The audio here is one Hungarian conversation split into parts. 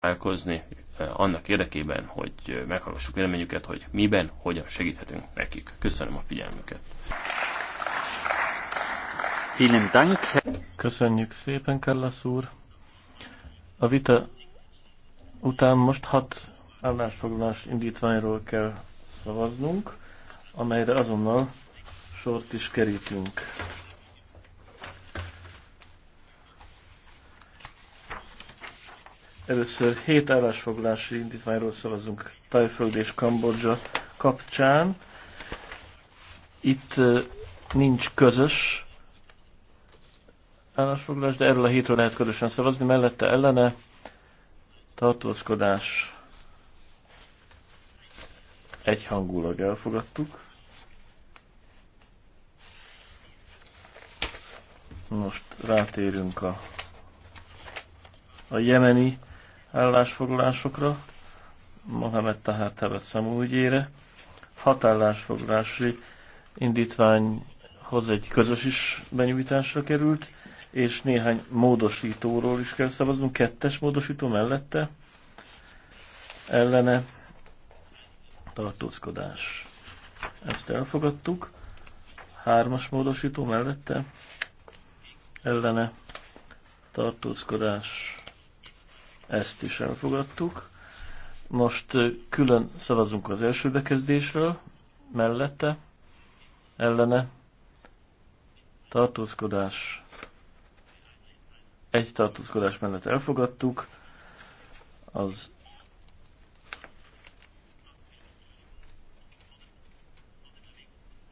találkozni eh, annak érdekében, hogy eh, meghallgassuk véleményüket, hogy miben, hogyan segíthetünk nekik. Köszönöm a figyelmüket. Köszönjük szépen, Kallasz úr. A vita után most hat állásfoglalás indítványról kell szavaznunk, amelyre azonnal sort is kerítünk. Először hét állásfoglási indítványról szavazunk Tajföld és Kambodzsa kapcsán. Itt nincs közös állásfoglalás, de erről a hétről lehet közösen szavazni. Mellette ellene tartózkodás egyhangulag elfogadtuk. Most rátérünk a, a jemeni állásfoglásokra, Mohamed Tahar Tevet szemúgyére. hatállásfoglási indítványhoz egy közös is benyújtásra került, és néhány módosítóról is kell szavaznunk, kettes módosító mellette ellene tartózkodás. Ezt elfogadtuk. Hármas módosító mellette ellene tartózkodás ezt is elfogadtuk. Most külön szavazunk az első bekezdésről, mellette, ellene, tartózkodás, egy tartózkodás mellett elfogadtuk, az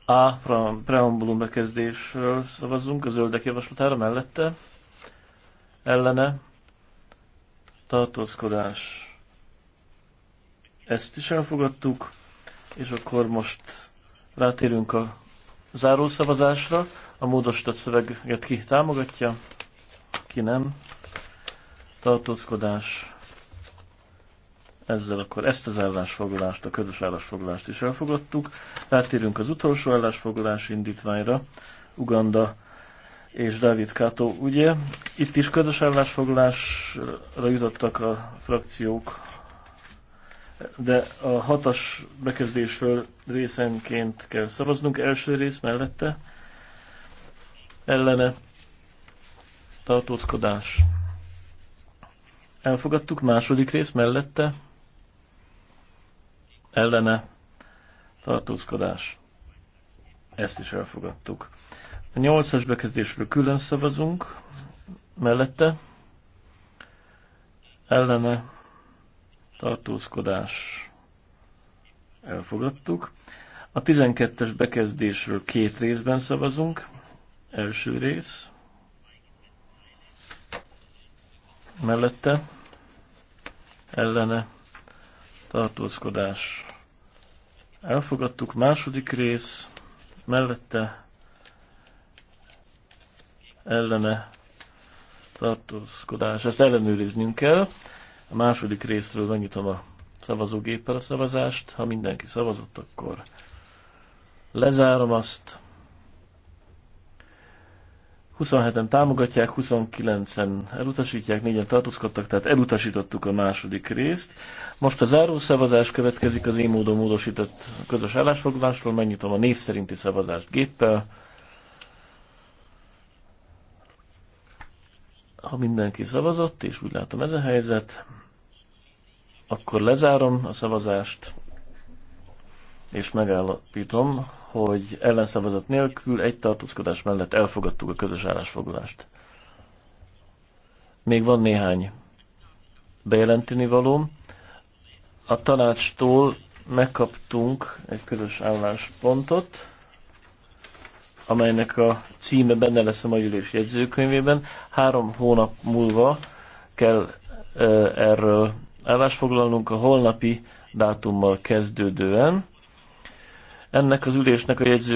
A preambulum bekezdésről szavazunk, a zöldek javaslatára mellette, ellene, tartózkodás, ezt is elfogadtuk, és akkor most rátérünk a zárószavazásra. A módosított szöveget ki támogatja, ki nem. Tartózkodás. Ezzel akkor ezt az állásfoglalást, a közös állásfoglalást is elfogadtuk. Rátérünk az utolsó állásfoglalás indítványra. Uganda és David Kato, Ugye itt is közös állásfoglalásra jutottak a frakciók, de a hatas bekezdés föl részenként kell szavaznunk. Első rész mellette ellene tartózkodás. Elfogadtuk második rész mellette ellene tartózkodás. Ezt is elfogadtuk. A nyolcas bekezdésről külön szavazunk, mellette ellene tartózkodás elfogadtuk. A 12-es bekezdésről két részben szavazunk. Első rész mellette ellene tartózkodás elfogadtuk. Második rész mellette ellene tartózkodás, ezt ellenőriznünk kell. A második részről megnyitom a szavazógéppel a szavazást. Ha mindenki szavazott, akkor lezárom azt. 27-en támogatják, 29-en elutasítják, 4-en tartózkodtak, tehát elutasítottuk a második részt. Most a záró szavazás következik az én módon módosított közös állásfoglalásról, megnyitom a név szerinti szavazást géppel. Ha mindenki szavazott, és úgy látom ez a helyzet, akkor lezárom a szavazást, és megállapítom, hogy ellenszavazat nélkül egy tartózkodás mellett elfogadtuk a közös állásfoglalást. Még van néhány bejelenteni való. A tanácstól megkaptunk egy közös álláspontot, amelynek a címe benne lesz a mai ülés jegyzőkönyvében. Három hónap múlva kell erről állásfoglalnunk a holnapi dátummal kezdődően. Ennek az ülésnek a jegyzők